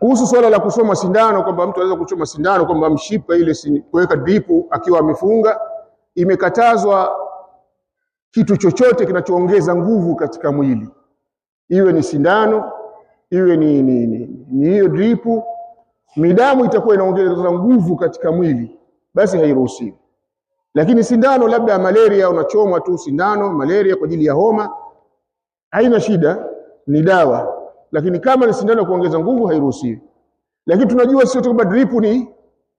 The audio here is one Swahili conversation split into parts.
Kuhusu swala la kuchoma sindano kwamba mtu anaweza kuchoma sindano kwamba mshipa ile kuweka dripu akiwa amefunga, imekatazwa kitu chochote kinachoongeza nguvu katika mwili, iwe ni sindano, iwe ni ni ni hiyo dripu. Midamu itakuwa inaongeza nguvu katika mwili, basi hairuhusiwi. Lakini sindano labda malaria, unachomwa tu sindano malaria kwa ajili ya homa, haina shida, ni dawa lakini kama ni sindano kuongeza nguvu hairuhusiwi. Lakini tunajua sio tu drip ni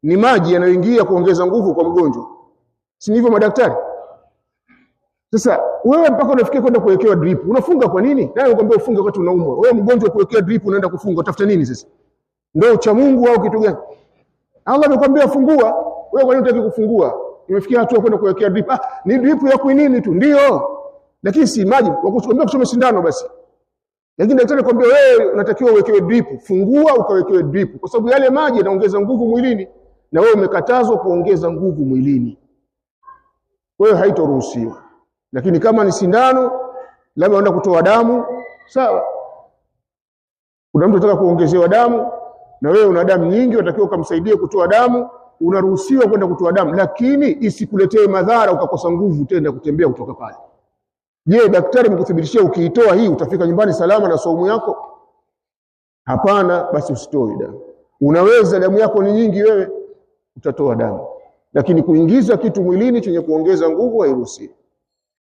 ni maji yanayoingia kuongeza nguvu kwa mgonjwa, si hivyo madaktari? Sasa wewe mpaka unafikia kwenda kuwekewa drip, unafunga kwa nini? Naye ukwambia ufunge wakati unaumwa. Wewe mgonjwa kuwekewa drip, unaenda kufunga, utafuta nini sasa? Ndio ucha Mungu au kitu gani? Allah amekwambia fungua, wewe kwa nini unataka kufungua? Imefikia hatua kwenda kuwekea drip. Ah, ni drip ya kuinini tu, ndio, lakini si maji. Wakuambia kuchoma sindano basi lakini daktari anakuambia wewe unatakiwa uwekewe drip, fungua ukawekewe drip, kwa sababu yale maji yanaongeza nguvu mwilini na wewe umekatazwa kuongeza nguvu mwilini, kwa hiyo haitoruhusiwa. Lakini kama ni sindano, labda unaenda kutoa damu, sawa. Kuna mtu anataka kuongezewa damu na wewe una damu nyingi, unatakiwa ukamsaidie kutoa damu, unaruhusiwa kwenda kutoa damu, lakini isikuletee madhara ukakosa nguvu tena kutembea kutoka pale. Je, daktari mkuthibitishia ukiitoa hii utafika nyumbani salama na saumu yako? Hapana, basi usitoe damu. Unaweza, damu yako ni nyingi, wewe utatoa damu, lakini kuingiza kitu mwilini chenye kuongeza nguvu hairuhusiwi.